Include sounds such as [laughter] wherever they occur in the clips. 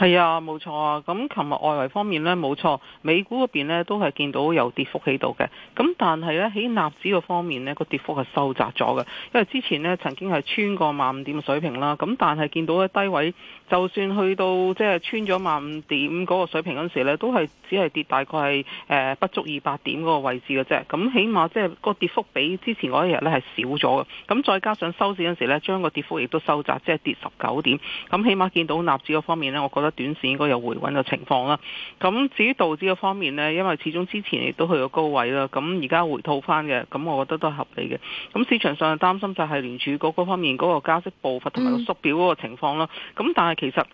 係啊，冇錯啊。咁琴日外圍方面呢，冇錯，美股嗰邊呢都係見到有跌幅喺度嘅。咁但係呢，喺納指個方面呢，個跌幅係收窄咗嘅。因為之前呢曾經係穿過萬五點嘅水平啦。咁但係見到喺低位，就算去到即係、就是、穿咗萬五點嗰個水平嗰陣時呢，都係只係跌大概係誒不足二百點嗰個位置嘅啫。咁起碼即係個跌幅比之前嗰一日呢係少咗嘅。咁再加上收市嗰陣時呢，將個跌幅亦都收窄，即、就、係、是、跌十九點。咁起碼見到納指嗰方面呢，我覺得，短線應該有回穩嘅情況啦。咁至於道指嘅方面呢，因為始終之前亦都去到高位啦，咁而家回吐翻嘅，咁我覺得都係合理嘅。咁市場上擔心就係聯儲局嗰方面嗰個加息步伐同埋縮表嗰個情況啦。咁但係其實。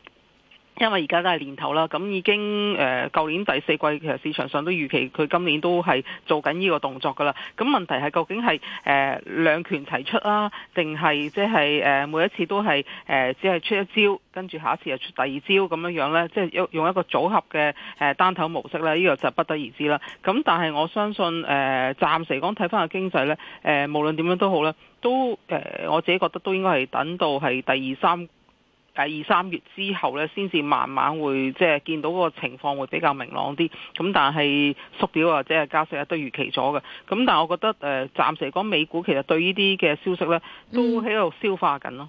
因為而家都係年頭啦，咁已經誒舊年第四季其實市場上都預期佢今年都係做緊呢個動作噶啦。咁問題係究竟係誒兩拳齊出啊，定係即係誒每一次都係誒、呃、只係出一招，跟住下一次又出第二招咁樣樣呢？即係用一個組合嘅誒單頭模式呢，呢、呢個就不得而知啦。咁但係我相信誒暫、呃、時嚟講睇翻個經濟呢，誒、呃、無論點樣都好啦，都誒、呃、我自己覺得都應該係等到係第二三。誒二三月之後呢先至慢慢會即係見到個情況會比較明朗啲。咁但係縮表或者係加息都預期咗嘅。咁但係我覺得誒、呃，暫時嚟講，美股其實對呢啲嘅消息呢都喺度消化緊咯。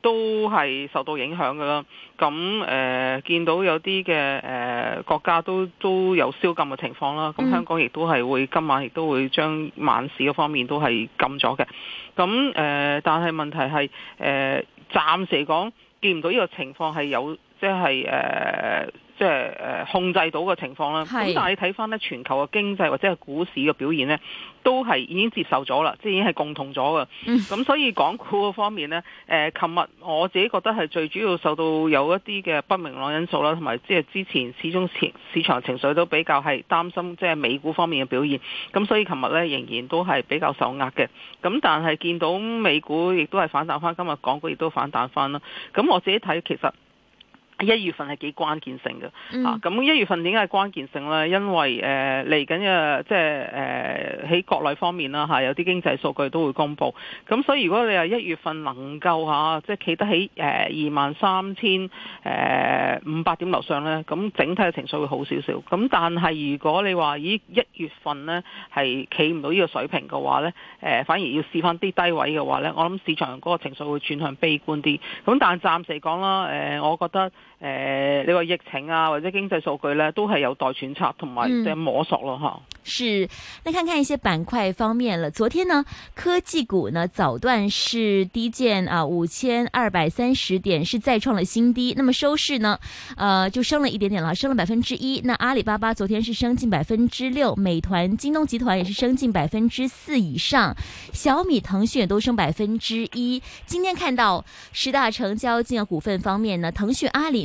都係受到影響㗎啦，咁、呃、誒見到有啲嘅誒國家都都有宵禁嘅情況啦，咁香港亦都係會今晚亦都會將晚市嗰方面都係禁咗嘅，咁誒、呃、但係問題係誒、呃、暫時嚟講見唔到呢個情況係有即係誒。即係呃即係誒控制到嘅情況啦，咁但係睇翻咧全球嘅經濟或者係股市嘅表現咧，都係已經接受咗啦，即係已經係共同咗嘅。咁 [laughs] 所以港股方面咧，誒琴日我自己覺得係最主要受到有一啲嘅不明朗因素啦，同埋即係之前始終市場場情緒都比較係擔心，即係美股方面嘅表現。咁所以琴日咧仍然都係比較受壓嘅。咁但係見到美股亦都係反彈翻，今日港股亦都反彈翻啦。咁我自己睇其實。一月份係幾關鍵性嘅嚇，咁、嗯、一、啊、月份點解關鍵性呢？因為誒嚟緊嘅即係誒喺國內方面啦嚇、啊，有啲經濟數據都會公布，咁所以如果你話一月份能夠嚇即係企得起誒二萬三千誒五百點樓上呢，咁整體嘅情緒會好少少。咁但係如果你話以一月份呢係企唔到呢個水平嘅話呢，誒、呃、反而要試翻啲低位嘅話呢，我諗市場嗰個情緒會轉向悲觀啲。咁但係暫時嚟講啦，誒、呃、我覺得。呃你話疫情啊，或者經濟數據咧，都係有待揣測同埋嘅摸索咯，吓、嗯。是，那看看一些板塊方面啦。昨天呢，科技股呢早段是低見啊五千二百三十點，是再創了新低。那麼收市呢，呃就升了一點點了，升了百分之一。那阿里巴巴昨天是升近百分之六，美團、京東集團也是升近百分之四以上，小米、騰訊也都升百分之一。今天看到十大成交金額股份方面呢，騰訊、阿里。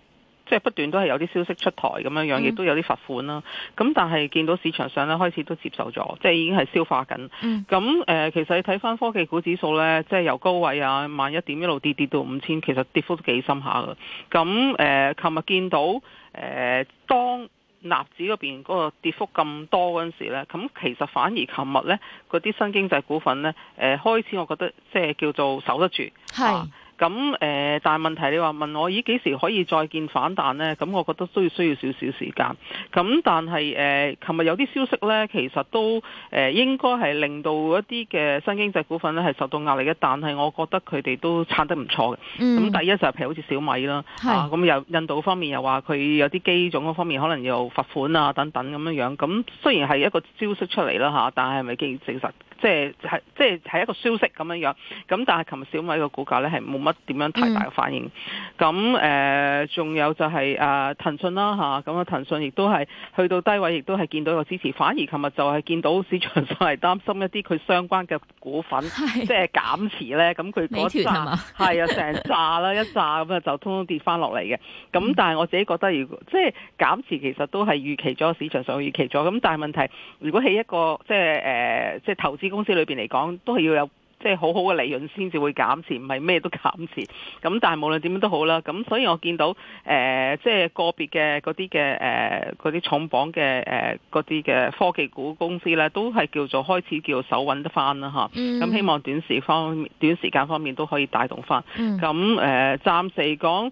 即係不斷都係有啲消息出台咁樣樣，亦都有啲罰款啦。咁、嗯、但係見到市場上咧開始都接受咗，即係已經係消化緊。咁、嗯、誒、呃，其實你睇翻科技股指數咧，即係由高位啊萬一點一路跌跌到五千，其實跌幅都幾深下嘅。咁誒，琴日見到誒、呃、當納指嗰邊嗰個跌幅咁多嗰陣時咧，咁其實反而琴日咧嗰啲新經濟股份咧，誒、呃、開始我覺得即係叫做守得住。係。咁誒、呃，但係問題你話問我咦幾時可以再見反彈呢？咁我覺得都要需要少少時間。咁但係誒，琴、呃、日有啲消息呢，其實都誒、呃、應該係令到一啲嘅新經濟股份呢係受到壓力嘅。但係我覺得佢哋都撐得唔錯嘅。咁、嗯、第一就係譬如好似小米啦，咁、啊、又印度方面又話佢有啲機種嗰方面可能又罰款啊等等咁樣樣。咁雖然係一個消息出嚟啦嚇，但係係咪經證實？即係即係係一個消息咁樣樣，咁但係琴日小米個股價咧係冇乜點樣太大嘅反應。咁、嗯、誒，仲、嗯、有就係誒騰訊啦嚇，咁啊騰訊亦都係去到低位，亦都係見到一個支持。反而琴日就係見到市場上係擔心一啲佢相關嘅股份，即係減持咧。咁佢嗰扎係啊成扎啦一扎咁啊就通通跌翻落嚟嘅。咁、嗯嗯、但係我自己覺得，如果即係減持，其實都係預期咗市場上預期咗。咁但係問題，如果係一個即係誒、呃、即係投資。公司裏邊嚟講，都係要有即係、就是、好好嘅利潤先至會減持，唔係咩都減持。咁但係無論點樣都好啦。咁所以我見到誒，即、呃、係、就是、個別嘅嗰啲嘅誒啲重磅嘅誒嗰啲嘅科技股公司咧，都係叫做開始叫手揾得翻啦嚇。咁、啊、希望短時間方短時間方面都可以帶動翻。咁誒，暫、呃、時講。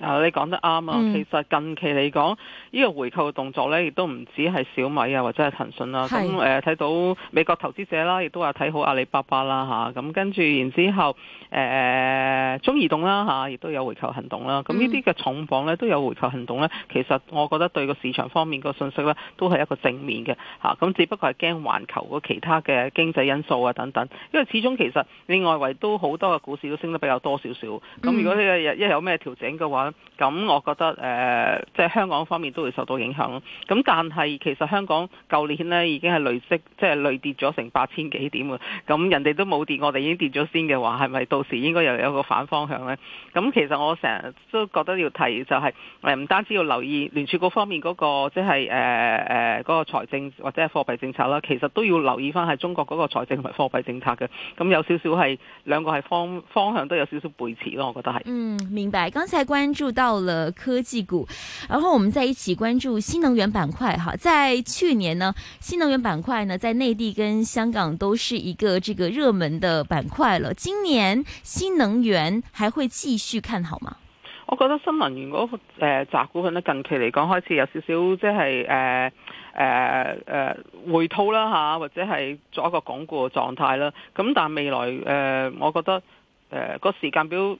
啊，你講得啱啊！其實近期嚟講，呢個回購嘅動作咧，亦都唔止係小米啊，或者係騰訊啦。咁誒，睇到美國投資者啦，亦都話睇好阿里巴巴啦嚇。咁跟住然之後，誒中移動啦嚇，亦、嗯、都有回購行動啦。咁呢啲嘅重磅咧都有回購行動咧，其實我覺得對個市場方面個信息咧，都係一個正面嘅嚇。咁只不過係驚環球個其他嘅經濟因素啊等等。因為始終其實你外圍都好多嘅股市都升得比較多少少。咁如果呢一有咩調整嘅話咁、嗯、我覺得誒、呃，即係香港方面都會受到影響咯。咁但係其實香港舊年呢已經係累積，即係累跌咗成八千幾點啊。咁人哋都冇跌，我哋已經跌咗先嘅話，係咪到時應該又有一個反方向呢？咁其實我成日都覺得要提、就係，就係唔單止要留意聯儲局方面嗰、嗰個，即係誒嗰個財政或者係貨幣政策啦。其實都要留意翻係中國嗰個財政同埋貨幣政策嘅。咁有少少係兩個係方方向都有少少背馳咯。我覺得係。嗯，明白。剛才關住到了科技股，然後我們再一起關注新能源板塊哈。在去年呢，新能源板塊呢，在內地跟香港都是一個這個熱門的板塊了。今年新能源還會繼續看好嗎？我覺得新能源嗰個誒雜股份咧，近期嚟講開始有少少即係誒誒誒回吐啦吓，或者係做一個鞏固嘅狀態啦。咁但係未來誒、呃，我覺得誒個、呃、時間表。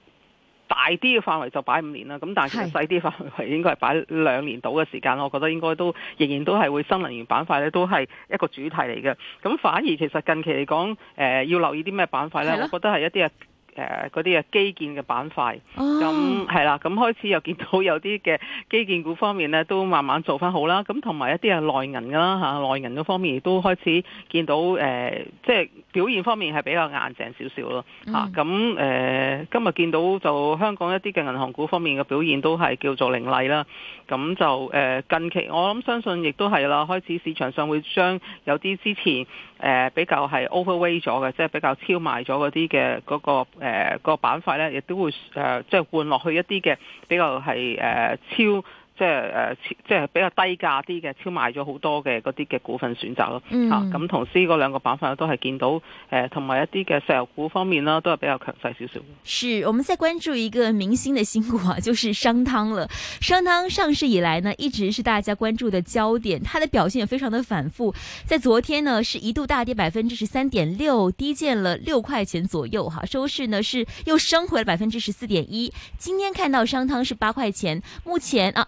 大啲嘅範圍就擺五年啦，咁但係其實細啲範圍應該係擺兩年到嘅時間，我覺得應該都仍然都係會新能源板塊咧都係一個主題嚟嘅。咁反而其實近期嚟講，呃，要留意啲咩板塊呢？我覺得係一啲啊。誒嗰啲嘅基建嘅板塊，咁係啦，咁、嗯、開始又見到有啲嘅基建股方面呢，都慢慢做翻好啦。咁同埋一啲嘅內銀啦嚇、啊，內銀嗰方面亦都開始見到誒、呃，即係表現方面係比較硬淨少少咯嚇。咁誒今日見到就香港一啲嘅銀行股方面嘅表現都係叫做凌厲啦。咁、啊、就、呃、近期我諗相信亦都係啦，開始市場上會將有啲之前。誒、呃、比較係 overweight 咗嘅，即係比較超賣咗嗰啲嘅嗰個誒、呃那個、板塊咧，亦都會誒、呃、即係換落去一啲嘅比較係誒、呃、超。即係誒、呃，即係比較低價啲嘅，超賣咗好多嘅嗰啲嘅股份選擇咯。吓、嗯，咁、啊、同 C 嗰兩個板塊都係見到誒，同、呃、埋一啲嘅石油股方面啦，都係比較強勢少少。是，我們再關注一個明星的新股啊，就是商湯了。商湯上市以來呢，一直是大家關注的焦點，它的表現也非常的反覆。在昨天呢，是一度大跌百分之十三點六，低見了六塊錢左右哈，收市呢是又升回了百分之十四點一。今天看到商湯是八塊錢，目前啊。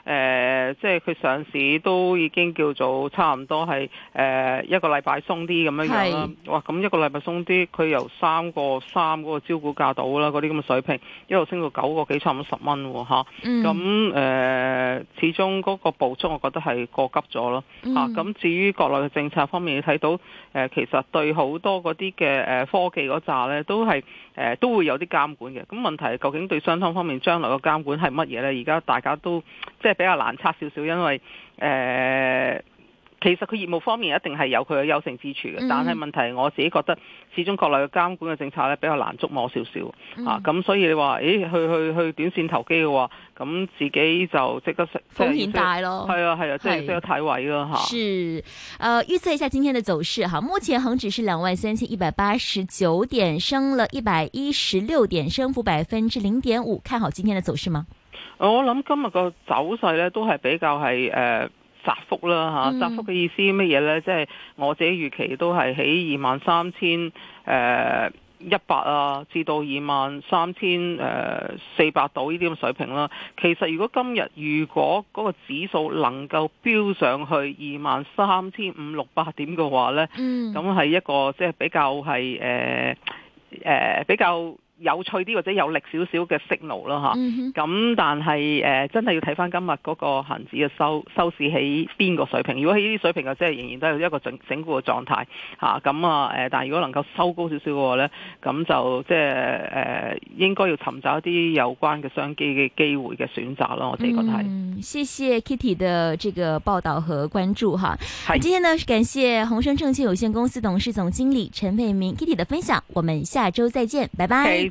誒、呃，即係佢上市都已經叫做差唔多係誒、呃、一個禮拜鬆啲咁樣樣啦。哇，咁一個禮拜鬆啲，佢由三個三嗰個招股價到啦，嗰啲咁嘅水平，一路升到九個幾，差唔多十蚊喎嚇。咁誒，始終嗰個補充，我覺得係過急咗咯嚇。咁、嗯啊、至於國內嘅政策方面，你睇到誒、呃，其實對好多嗰啲嘅誒科技嗰紮咧，都係誒、呃、都會有啲監管嘅。咁問題究竟對商湯方面將來嘅監管係乜嘢咧？而家大家都即係。比較難測少少，因為誒、呃，其實佢業務方面一定係有佢嘅優勝之處嘅、嗯，但係問題是我自己覺得，始終國內嘅監管嘅政策呢，比較難捉摸少少、嗯、啊，咁、嗯、所以你話，誒，去去去，去短線投機嘅話，咁自己就值得，值得風險大咯，係啊係啊，真係需要睇位咯吓。是，誒，預、啊、測、呃、一下今天的走勢哈，目前恒指是兩萬三千一百八十九點，升了一百一十六點，升幅百分之零點五，看好今天的走勢嗎？我諗今日個走勢咧，都係比較係誒窄幅啦嚇，嗯，窄幅嘅意思咩嘢咧？即係我自己預期都係喺二萬三千誒一百啊，至到二萬三千誒四百度呢啲咁水平啦。其實如果今日如果嗰個指數能夠飆上去二萬三千五六百點嘅話咧，嗯，咁係一個即係比較係誒誒比較有趣啲或者有力少少嘅 signal 啦吓，咁、嗯、但係誒、呃、真係要睇翻今日嗰個恆指嘅收收市喺邊個水平？如果喺呢啲水平嘅，即係仍然都係一個整整固嘅狀態嚇。咁啊誒但係、呃、如果能夠收高少少嘅話咧，咁就即係誒應該要尋找一啲有關嘅商機嘅機會嘅選擇咯。我自己覺得係、嗯。謝謝 Kitty 嘅，這個報道和關注吓，係今天呢感謝鴻昇證券有限公司董事總經理陳蓓敏 Kitty 的分享。我們下周再見，拜拜。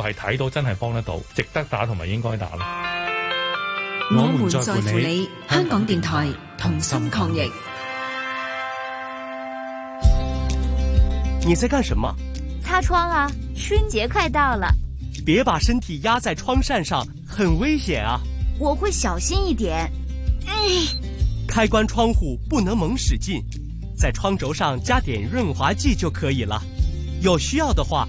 我係睇到真係幫得到，值得打同埋應該打咯。我們在乎你，香港電台同心抗疫。你在幹什麼？擦窗啊！春節快到了，別把身體壓在窗扇上，很危險啊！我會小心一點。嗯，開關窗戶不能猛使勁，在窗軸上加點潤滑劑就可以了。有需要的話。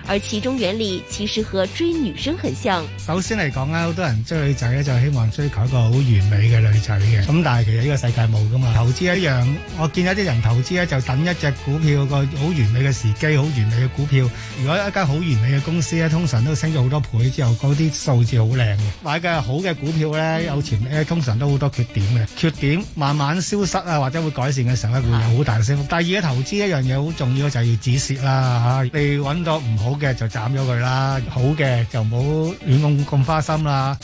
而其中原理其實和追女生很像。首先嚟講咧，好多人追女仔咧就希望追求一個好完美嘅女仔嘅。咁但係其實呢個世界冇噶嘛。投資一樣，我見一啲人投資咧就等一隻股票一個好完美嘅時機，好完美嘅股票。如果一間好完美嘅公司咧，通常都升咗好多倍之後，嗰啲數字好靚嘅。買嘅好嘅股票咧，有前咧、嗯、通常都好多缺點嘅。缺點慢慢消失啊，或者會改善嘅時候咧，會有好大嘅升幅。第二，投資一樣嘢好重要嘅就係、是、要止蝕啦吓。你搵到唔好。嘅就斬咗佢啦，好嘅就唔好亂咁咁花心啦。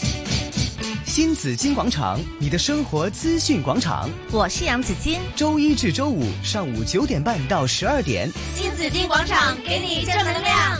新紫荊廣場，你的生活資訊廣場，我是楊紫荊。周一至周五上午九點半到十二點，新紫荊廣場給你正能量。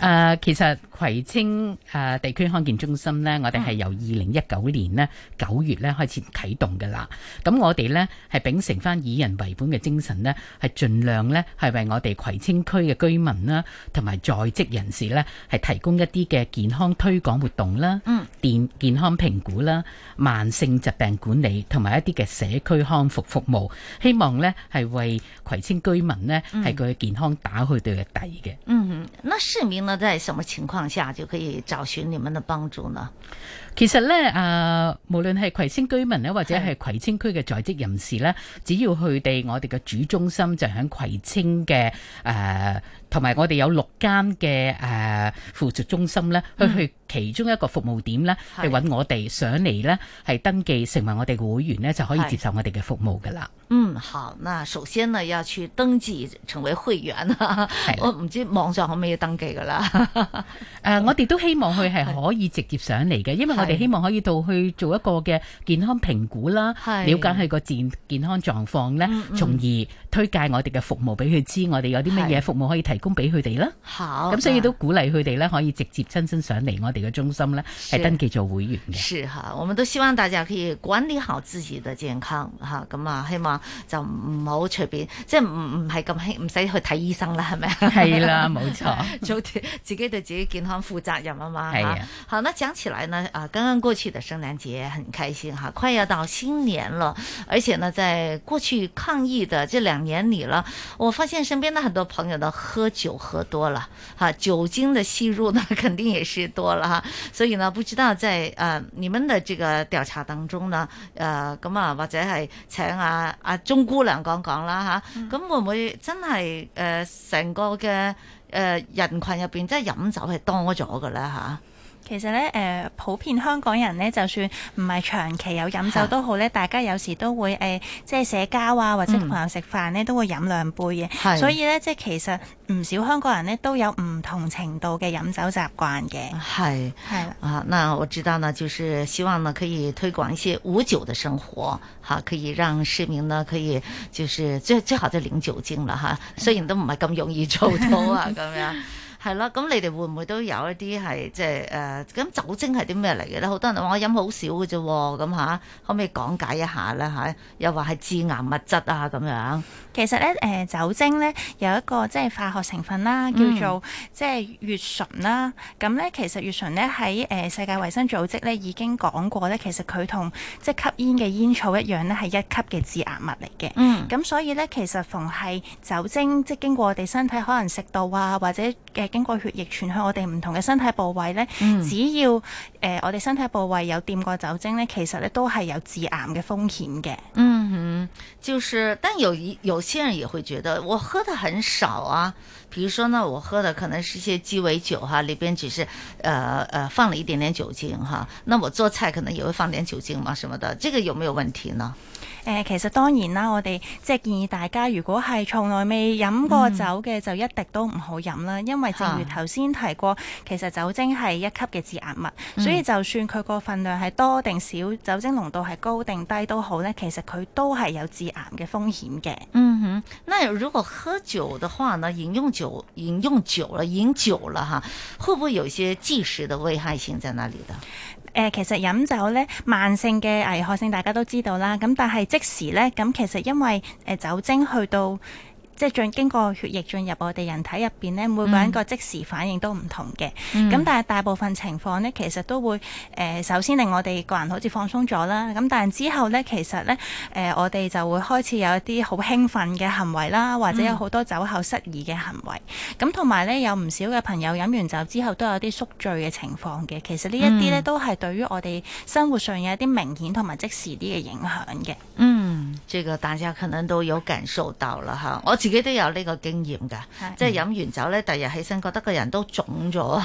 誒、呃，其實葵青誒地區康健中心呢，我哋係由二零一九年咧九月咧開始啟動噶啦。咁我哋呢，係秉承翻以人為本嘅精神呢，係盡量呢係為我哋葵青區嘅居民啦，同埋在職人士呢，係提供一啲嘅健康推廣活動啦，嗯，健健康評估啦，慢性疾病管理同埋一啲嘅社區康復服務，希望呢係為葵青居民呢，係佢嘅健康打去對嘅底嘅。嗯，那市民。在什麼情況下就可以找尋你們的幫助呢？其實呢，誒、啊，無論係葵青居民咧，或者係葵青區嘅在職人士咧，只要佢哋我哋嘅主中心就喺葵青嘅，誒、啊，同埋我哋有六間嘅誒輔助中心呢、嗯。去去。其中一個服務點呢，係揾我哋上嚟呢，係登記成為我哋會員呢，就可以接受我哋嘅服務噶啦。嗯，好。那首先呢要去登記成為會員 [laughs] 我唔知網上可唔可以登記噶啦、 [laughs] 呃嗯。我哋都希望佢係可以直接上嚟嘅，因為我哋希望可以到去做一個嘅健康評估啦，了解佢個健健康狀況呢，從而推介我哋嘅服務俾佢知，我哋有啲乜嘢服務可以提供俾佢哋啦。咁所以都鼓勵佢哋呢，可以直接親身上嚟我哋嘅中心咧，係登記做會員嘅。是哈，我們都希望大家可以管理好自己的健康哈，咁啊，希望就唔好隨便，即係唔唔係咁輕，唔使去睇醫生啦，係咪？係啦，冇錯，做 [laughs] 自己對自己健康負責任啊嘛。係啊，好，那講起來呢啊，剛剛過去的聖誕節很開心哈、啊，快要到新年了，而且呢，在過去抗疫的這兩年裏了，我發現身邊的很多朋友都喝酒喝多了，哈、啊，酒精的吸入呢，肯定也是多了。啊、所以呢，不知道即係誒，你們的這個調查當中呢，誒咁啊，或者係請阿阿鍾姑娘講講啦吓，咁、啊嗯、會唔會真係誒成個嘅誒人群入邊，即係飲酒係多咗噶啦吓？啊其實咧，誒、呃、普遍香港人咧，就算唔係長期有飲酒都好咧，大家有時都會誒、哎，即係社交啊，或者同朋友食飯咧，都會飲兩杯嘅。所以咧，即係其實唔少香港人咧都有唔同程度嘅飲酒習慣嘅。係係啊，嗱，我知道呢，就是希望呢可以推廣一些無酒的生活，啊、可以讓市民呢可以就是最最好就零酒精啦，哈、啊，雖然都唔係咁容易做到啊，咁 [laughs] 樣。係啦，咁你哋會唔會都有一啲係即係誒？咁、即係呃、酒精係啲咩嚟嘅咧？好多人都話我飲好少嘅啫，咁吓、啊、可唔可以講解一下呢、啊？又話係致癌物質啊咁樣。其實咧，誒、呃、酒精咧有一個即係化學成分啦，叫做、嗯、即係乙醇啦。咁咧其實乙醇咧喺、呃、世界衞生組織咧已經講過咧，其實佢同即係吸煙嘅煙草一樣咧，係一級嘅致癌物嚟嘅。嗯。咁所以咧，其實逢係酒精即係經過我哋身體可能食到啊，或者。嘅經過血液傳向我哋唔同嘅身體部位咧、嗯，只要誒、呃、我哋身體部位有掂過酒精咧，其實咧都係有致癌嘅風險嘅。嗯哼，就是，但有有些人也會覺得我喝得很少啊，譬如說呢，我喝的可能是一些雞尾酒哈、啊，裏邊只是，呃呃，放了一點點酒精哈、啊，那我做菜可能也會放點酒精嘛，什麼的，這個有沒有問題呢？呃、其實當然啦，我哋即係建議大家，如果係從來未飲過酒嘅、嗯，就一滴都唔好飲啦。因為正如頭先提過、啊，其實酒精係一級嘅致癌物、嗯，所以就算佢個份量係多定少，酒精濃度係高定低都好咧，其實佢都係有致癌嘅風險嘅。嗯哼，那如果喝酒的話呢？飲用酒、飲用酒啦、飲酒啦哈，會唔會有些即時的危害性在那裡的？誒，其實飲酒呢，慢性嘅危害性大家都知道啦。咁但係即時呢，咁其實因為誒酒精去到，即係進經過血液進入我哋人體入邊咧，每個人個即時反應都唔同嘅。咁、嗯、但係大部分情況咧，其實都會誒、呃、首先令我哋個人好似放鬆咗啦。咁但係之後咧，其實咧誒、呃、我哋就會開始有一啲好興奮嘅行為啦，或者有好多酒後失儀嘅行為。咁同埋咧，有唔少嘅朋友飲完酒之後都有啲宿醉嘅情況嘅。其實呢一啲咧都係對於我哋生活上有一啲明顯同埋即時啲嘅影響嘅。嗯，這個大家可能都有感受到喇哈。自己都有呢個經驗㗎，即係、就是、飲完酒咧，第、嗯、日起身覺得個人都腫咗，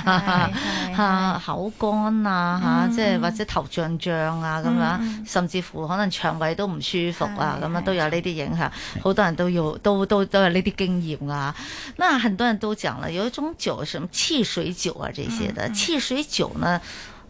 嚇口乾啊，嚇即係或者頭脹脹啊咁、嗯、樣、嗯，甚至乎可能腸胃都唔舒服啊咁樣都有呢啲影響，好多人都要都都都有呢啲經驗啊。那很多人都講喇，有一種酒，什麼汽水酒啊這些的，汽、嗯、水酒呢？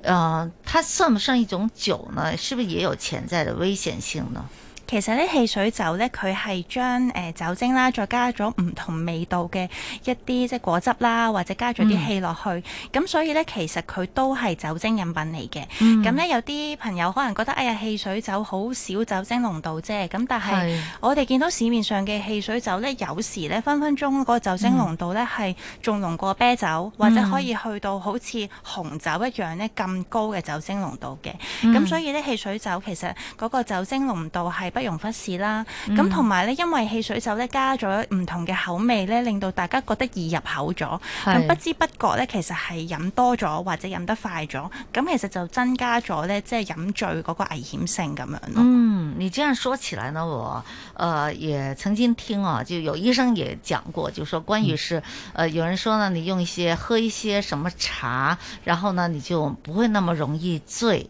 呃，它算唔算一種酒呢，是不是也有潛在的危險性呢？其實咧，汽水酒咧，佢係將、呃、酒精啦，再加咗唔同味道嘅一啲即係果汁啦，或者加咗啲氣落去。咁、嗯、所以咧，其實佢都係酒精飲品嚟嘅。咁、嗯、咧，有啲朋友可能覺得，哎呀，汽水酒好少酒精濃度啫。咁但係我哋見到市面上嘅汽水酒咧，有時咧分分鐘個酒精濃度咧係仲濃過啤酒，嗯、或者可以去到好似紅酒一樣咧咁高嘅酒精濃度嘅。咁、嗯、所以咧，汽水酒其實嗰個酒精濃度係不容忽視啦，咁同埋咧，因為汽水酒咧加咗唔同嘅口味咧，令到大家覺得易入口咗，咁不知不覺咧，其實係飲多咗或者飲得快咗，咁其實就增加咗咧，即係飲醉嗰個危險性咁樣咯。嗯，你這樣說起來呢，我呃，也曾經聽啊，就有醫生也講過，就說關於是，嗯，呃，有人說呢，你用一些喝一些什麼茶，然後呢，你就不會那麼容易醉。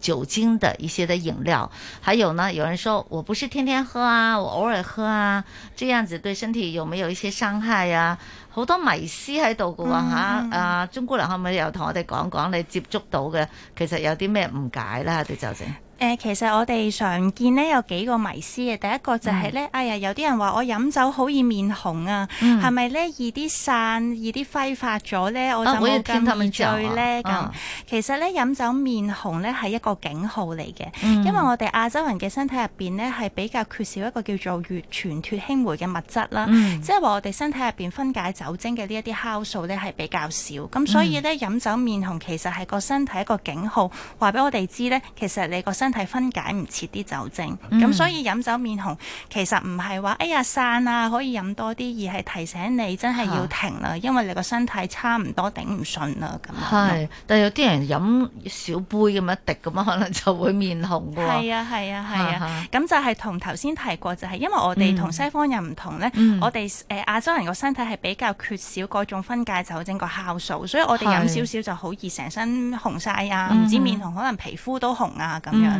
酒精的一些的飲料，還有呢？有人說，我不是天天喝啊，我偶爾喝啊，這樣子對身體有沒有一些傷害呀、啊？好多迷思喺度噶吓，啊、嗯、鍾姑娘可唔可以又同我哋講講你接觸到嘅，其實有啲咩誤解啦，對酒精。呃、其實我哋常見呢，有幾個迷思嘅，第一個就係呢，嗯、哎呀，有啲人話我飲酒好易面紅啊，係、嗯、咪呢？易啲散、易啲揮發咗呢、啊？我就冇咁易醉呢。咁、啊、其實呢，飲酒面紅呢係一個警號嚟嘅、嗯，因為我哋亞洲人嘅身體入面呢係比較缺少一個叫做乙醛脫氫酶嘅物質啦，即係話我哋身體入面分解酒精嘅呢一啲酵素呢係比較少，咁所以呢、嗯，飲酒面紅其實係個身體一個警號，話俾我哋知呢，其實你個身體體分解唔切啲酒精，咁、嗯嗯、所以飲酒面紅，其實唔係話哎呀散啊可以飲多啲，而係提醒你真係要停啦，因為你個身體差唔多頂唔順啦咁。係，但係有啲人飲小杯咁一滴咁啊，可能就會面紅噶。係啊係啊係啊，咁、啊啊啊啊、就係同頭先提過，就係因為我哋同西方人唔同咧、嗯，我哋誒亞洲人個身體係比較缺少各種分解酒精個酵素，所以我哋飲少少就好易成身紅晒啊，唔、嗯、止面紅，可能皮膚都紅啊咁樣。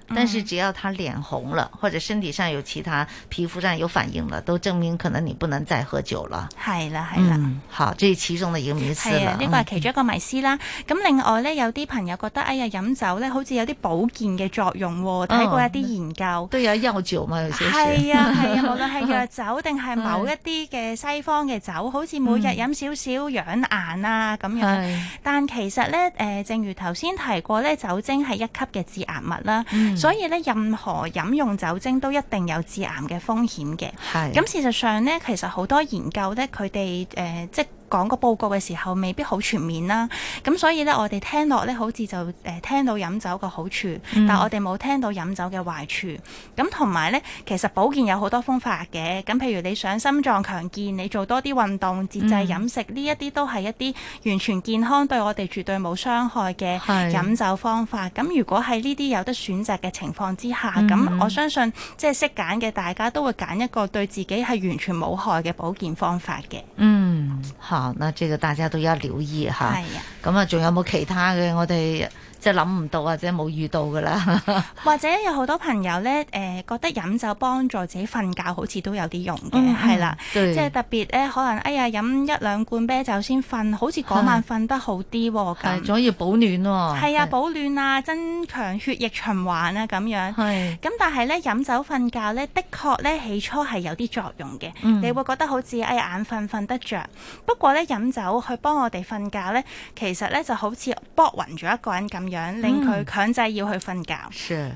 但是只要他臉紅了，嗯、或者身體上有其他皮膚上有反應了，都證明可能你不能再喝酒了。係啦，係啦、嗯。好，這其中的一個迷思啦。呢、啊這個係其中一個迷思啦。咁、嗯、另外呢，有啲朋友覺得，哎呀，飲酒呢好似有啲保健嘅作用、哦，睇、哦、過一啲研究。都有藥酒嘛？有係啊係啊，無論係藥酒定係 [laughs] 某一啲嘅西方嘅酒，好似每日飲少少養顏啊咁、嗯、樣。但其實呢，誒、呃，正如頭先提過呢，酒精係一級嘅致癌物啦。嗯。所以咧，任何飲用酒精都一定有致癌嘅風險嘅。係，咁事實上咧，其實好多研究咧，佢哋、呃、即。講個報告嘅時候未必好全面啦，咁所以呢，我哋聽落呢好似就誒、呃、聽到飲酒個好處，嗯、但我哋冇聽到飲酒嘅壞處。咁同埋呢，其實保健有好多方法嘅，咁譬如你想心臟強健，你做多啲運動、節制飲食，呢、嗯、一啲都係一啲完全健康對我哋絕對冇傷害嘅飲酒方法。咁如果喺呢啲有得選擇嘅情況之下，咁、嗯、我相信即係識揀嘅大家都會揀一個對自己係完全冇害嘅保健方法嘅。嗯，好，嗱，呢個大家都要留意吓。咁啊，仲有冇其他嘅我哋？即係諗唔到或者冇遇到㗎啦， [laughs] 或者有好多朋友呢，誒、呃、覺得飲酒幫助自己瞓覺，好似都有啲用嘅，係、嗯、啦，即係特別呢，可能哎呀飲一兩罐啤酒先瞓，好似嗰晚瞓得好啲喎、哦，係仲要保暖喎、哦，係啊保暖啊的，增強血液循環啊咁樣，係咁，但係呢，飲酒瞓覺呢，的確呢，起初係有啲作用嘅、嗯，你會覺得好似哎呀眼瞓瞓得着。不過呢，飲酒去幫我哋瞓覺呢，其實呢，就好似搏暈咗一個人咁。樣、嗯、令佢強制要去瞓覺。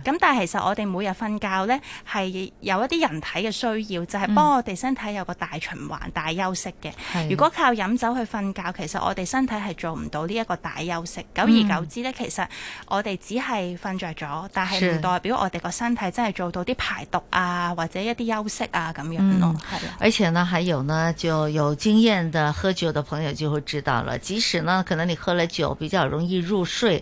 咁但係其實我哋每日瞓覺呢，係有一啲人體嘅需要，就係、是、幫我哋身體有個大循環、嗯、大休息嘅。如果靠飲酒去瞓覺，其實我哋身體係做唔到呢一個大休息。久而久之呢，嗯、其實我哋只係瞓着咗，但係唔代表我哋個身體真係做到啲排毒啊，或者一啲休息啊咁樣咯、嗯、係啦。而且呢，還有呢，就有經驗的喝酒的朋友就會知道了，即使呢，可能你喝了酒比較容易入睡，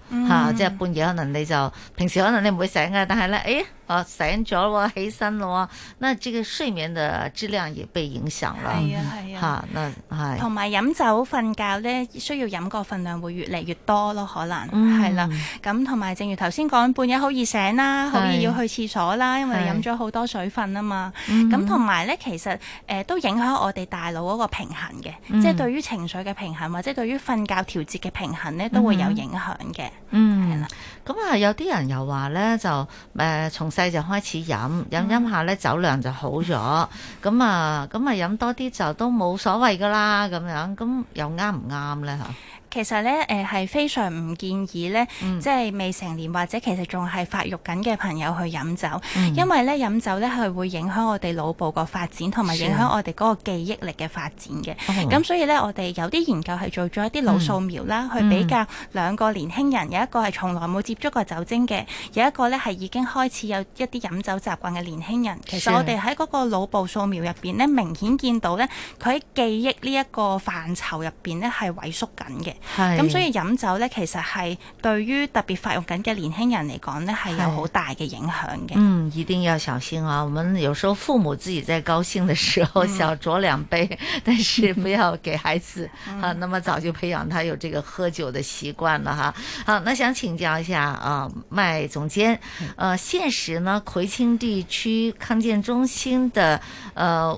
吓、嗯，即、啊、係半夜可能你就平時可能你唔會醒嘅、啊，但係咧，誒、哎，哦、啊、醒咗喎、啊，起身咯、啊，那這個睡眠的質量也被影響啦。係啊，係、嗯、啊。吓，係、啊。同埋飲酒瞓覺咧，需要飲個份量會越嚟越多咯，可能係、嗯、啦。咁同埋，正如頭先講，半夜好易醒啦，好易要去廁所啦，因為飲咗好多水分啊嘛。咁同埋咧，其實誒、呃、都影響我哋大腦嗰個平衡嘅、嗯，即係對於情緒嘅平衡，或者對於瞓覺調節嘅平衡咧，都會有影響嘅。嗯，咁啊有啲人又話咧就誒從細就開始飲，飲飲下咧、嗯、酒量就好咗，咁啊咁啊飲多啲就都冇所謂㗎啦，咁樣，咁又啱唔啱咧吓？其實咧，誒、呃、係非常唔建議咧、嗯，即係未成年或者其實仲係發育緊嘅朋友去飲酒、嗯，因為咧飲酒咧係會影響我哋腦部個發展，同埋影響我哋嗰個記憶力嘅發展嘅。咁、嗯、所以咧，我哋有啲研究係做咗一啲腦掃描啦、嗯，去比較兩個年輕人、嗯，有一個係從來冇接觸過酒精嘅，有一個咧係已經開始有一啲飲酒習慣嘅年輕人、嗯。其實我哋喺嗰個腦部掃描入邊咧，明顯見到咧，佢喺記憶範疇呢一個範疇入邊咧係萎縮緊嘅。係，咁所以飲酒咧，其實係對於特別發育緊嘅年輕人嚟講咧，係有好大嘅影響嘅。嗯，一定要小心啊，我哋有時候父母自己在高興的時候小酌兩杯， [laughs] 但是不要給孩子啊， [laughs] 那麼早就培養他有這個喝酒的習慣了哈。好，那想請教一下啊，麥總監，呃，現時呢，葵青地區康健中心的呃。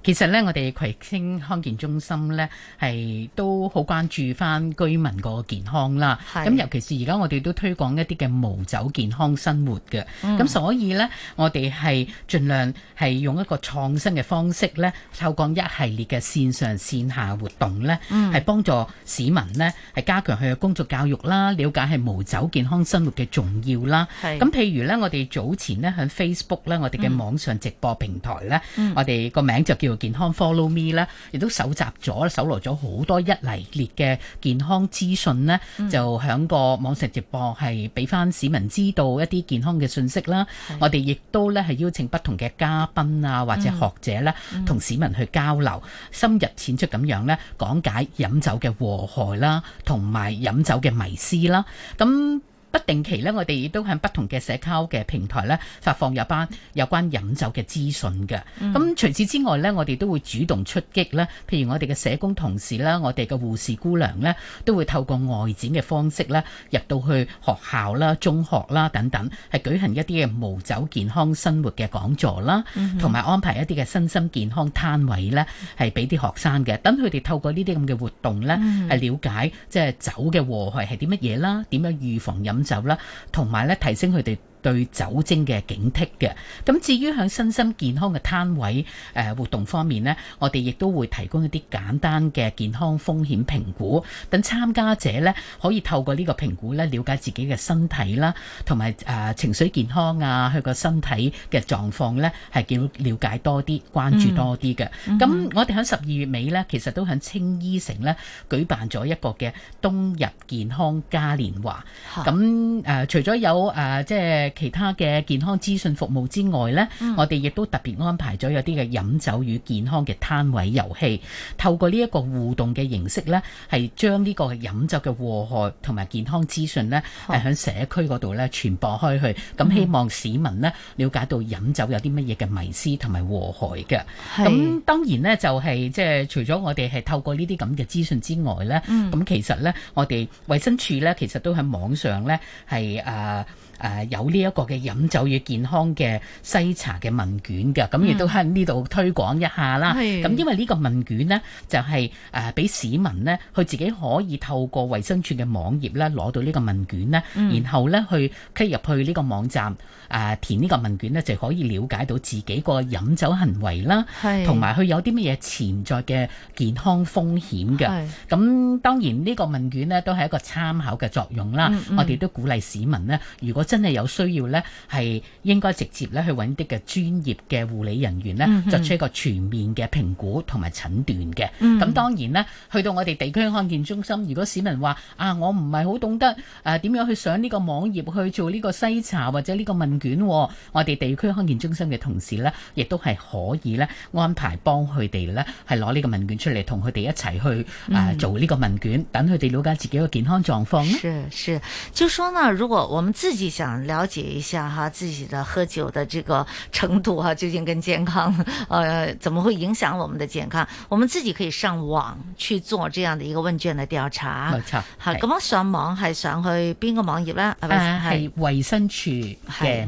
其實咧，我哋葵青康健中心咧係都好關注返居民個健康啦。咁尤其是而家我哋都推廣一啲嘅無酒健康生活嘅。咁、嗯、所以呢，我哋係盡量係用一個創新嘅方式咧，透過一系列嘅線上線下活動咧，係、嗯、幫助市民呢，係加強佢嘅工作教育啦，了解係無酒健康生活嘅重要啦。咁譬如呢，我哋早前呢，喺 Facebook 咧，我哋嘅網上直播平台咧、嗯，我哋個名就叫健康 Follow Me 咧，亦都搜集咗、搜羅咗好多一系列嘅健康資訊咧、嗯，就響個網上直播，係俾翻市民知道一啲健康嘅信息啦。我哋亦都咧係邀請不同嘅嘉賓啊，或者學者咧，同、嗯、市民去交流，嗯、深入淺出咁樣咧講解飲酒嘅禍害啦，同埋飲酒嘅迷思啦。咁不定期咧，我哋亦都喺不同嘅社交嘅平台咧發放有班有關飲酒嘅資訊嘅。咁、嗯、除此之外咧，我哋都會主動出擊咧。譬如我哋嘅社工同事啦，我哋嘅護士姑娘咧，都會透過外展嘅方式咧入到去學校啦、中學啦等等，係舉行一啲嘅無酒健康生活嘅講座啦，同、嗯、埋安排一啲嘅身心健康攤位咧，係俾啲學生嘅。等佢哋透過呢啲咁嘅活動咧，係、嗯、了解即係酒嘅禍害係啲乜嘢啦，點樣預防飲。走啦，同埋咧，提升佢哋對酒精嘅警惕嘅，咁至於喺身心健康嘅攤位誒活動方面呢，我哋亦都會提供一啲簡單嘅健康風險評估，等參加者呢，可以透過呢個評估呢，了解自己嘅身體啦，同埋誒情緒健康啊，佢個身體嘅狀況呢，係要了解多啲，關注多啲嘅。咁、嗯嗯、我哋喺十二月尾呢，其實都喺青衣城呢舉辦咗一個嘅冬日健康嘉年華。咁誒、呃，除咗有誒、呃、即係其他嘅健康資訊服務之外呢、嗯、我哋亦都特別安排咗有啲嘅飲酒與健康嘅攤位遊戲。透過呢一個互動嘅形式呢係將呢個飲酒嘅禍害同埋健康資訊呢，係喺社區嗰度呢傳播開去。咁希望市民呢，了解到飲酒有啲乜嘢嘅迷思同埋禍害嘅。咁當然呢、就是，就係即係除咗我哋係透過呢啲咁嘅資訊之外呢，咁其實呢，我哋衛生署呢，其實，我們衛生其實都喺網上呢，係、呃、誒。誒、呃、有呢一個嘅飲酒與健康嘅篩查嘅問卷嘅，咁亦都喺呢度推廣一下啦。咁、嗯、因為呢個問卷呢，就係誒俾市民呢，佢自己可以透過衛生署嘅網頁咧攞到呢個問卷呢，然後呢，去 e 入去呢個網站。誒填呢個問卷呢，就可以了解到自己個飲酒行為啦，同埋佢有啲乜嘢潛在嘅健康風險嘅。咁當然呢個問卷呢，都係一個參考嘅作用啦、嗯嗯。我哋都鼓勵市民呢，如果真係有需要呢，係應該直接咧去揾啲嘅專業嘅護理人員呢、嗯嗯，作出一個全面嘅評估同埋診斷嘅。咁、嗯、當然呢，去到我哋地區康健中心，如果市民話啊，我唔係好懂得誒點、啊、樣去上呢個網頁去做呢個篩查或者呢個問卷我哋地區康健中心嘅同事呢，亦都係可以咧安排幫佢哋呢，係攞呢個問卷出嚟，同佢哋一齊去誒做呢個問卷，等佢哋了解自己嘅健康狀況。是，是，就說呢，如果我們自己想了解一下哈，自己的喝酒的這個程度哈、啊，究竟跟健康，呃，怎麼會影響我們的健康？我們自己可以上網去做這樣的一個問卷的調查。冇錯，嚇咁樣上網係上去邊個網頁呢？係衞生處嘅。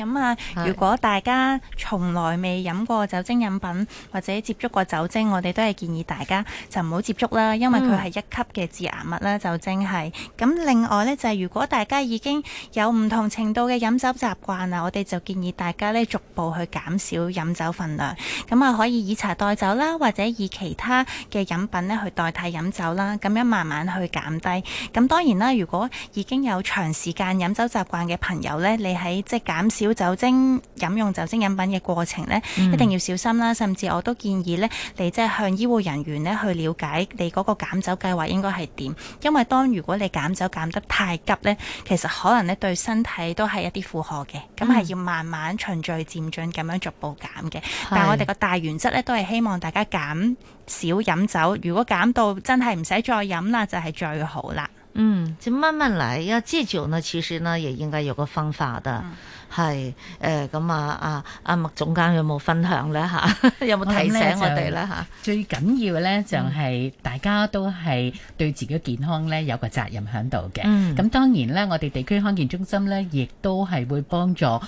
咁、嗯、啊！如果大家從來未飲過酒精飲品或者接觸過酒精，我哋都係建議大家就唔好接觸啦，因為佢係一級嘅致癌物啦。酒精係，咁、嗯、另外咧就係、是、如果大家已經有唔同程度嘅飲酒習慣啊，我哋就建議大家咧逐步去減少飲酒分量。咁、嗯、啊，可以以茶代酒啦，或者以其他嘅飲品咧去代替飲酒啦。咁樣慢慢去減低。咁、嗯、當然啦，如果已經有長時間飲酒習慣嘅朋友咧，你喺即係減少。酒精飲用酒精飲品嘅過程呢，一定要小心啦。嗯、甚至我都建議呢，你即係向醫護人員呢去了解你嗰個減酒計劃應該係點。因為當如果你減酒減得太急呢，其實可能呢對身體都係一啲負荷嘅。咁、嗯、係要慢慢循序漸進咁樣逐步減嘅。但係我哋個大原則呢，都係希望大家減少飲酒。如果減到真係唔使再飲啦，就係、是、最好啦。嗯，就慢慢嚟。要戒酒呢，其實呢，也應該有個方法嘅。嗯係誒，咁、欸、啊啊啊，阿麥總監有冇分享呢？吓 [laughs] ？有冇提醒我哋呢？吓？最緊要呢，就係 [laughs] 大家都係對自己健康呢有個責任喺度嘅。咁、嗯、當然呢，我哋地區康健中心呢，亦都係會幫助誒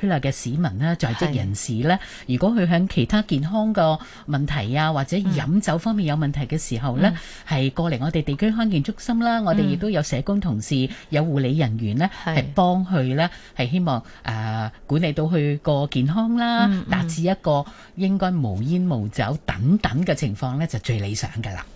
區內嘅市民啦、在職人士呢。如果佢響其他健康嘅問題啊，或者飲酒方面有問題嘅時候呢，係、嗯、過嚟我哋地區康健中心啦。嗯、我哋亦都有社工同事、嗯、有護理人員呢，係幫佢呢，係希望。誒、啊、管理到佢個健康啦、嗯嗯，達至一個應該無煙無酒等等嘅情況咧，就最理想㗎啦。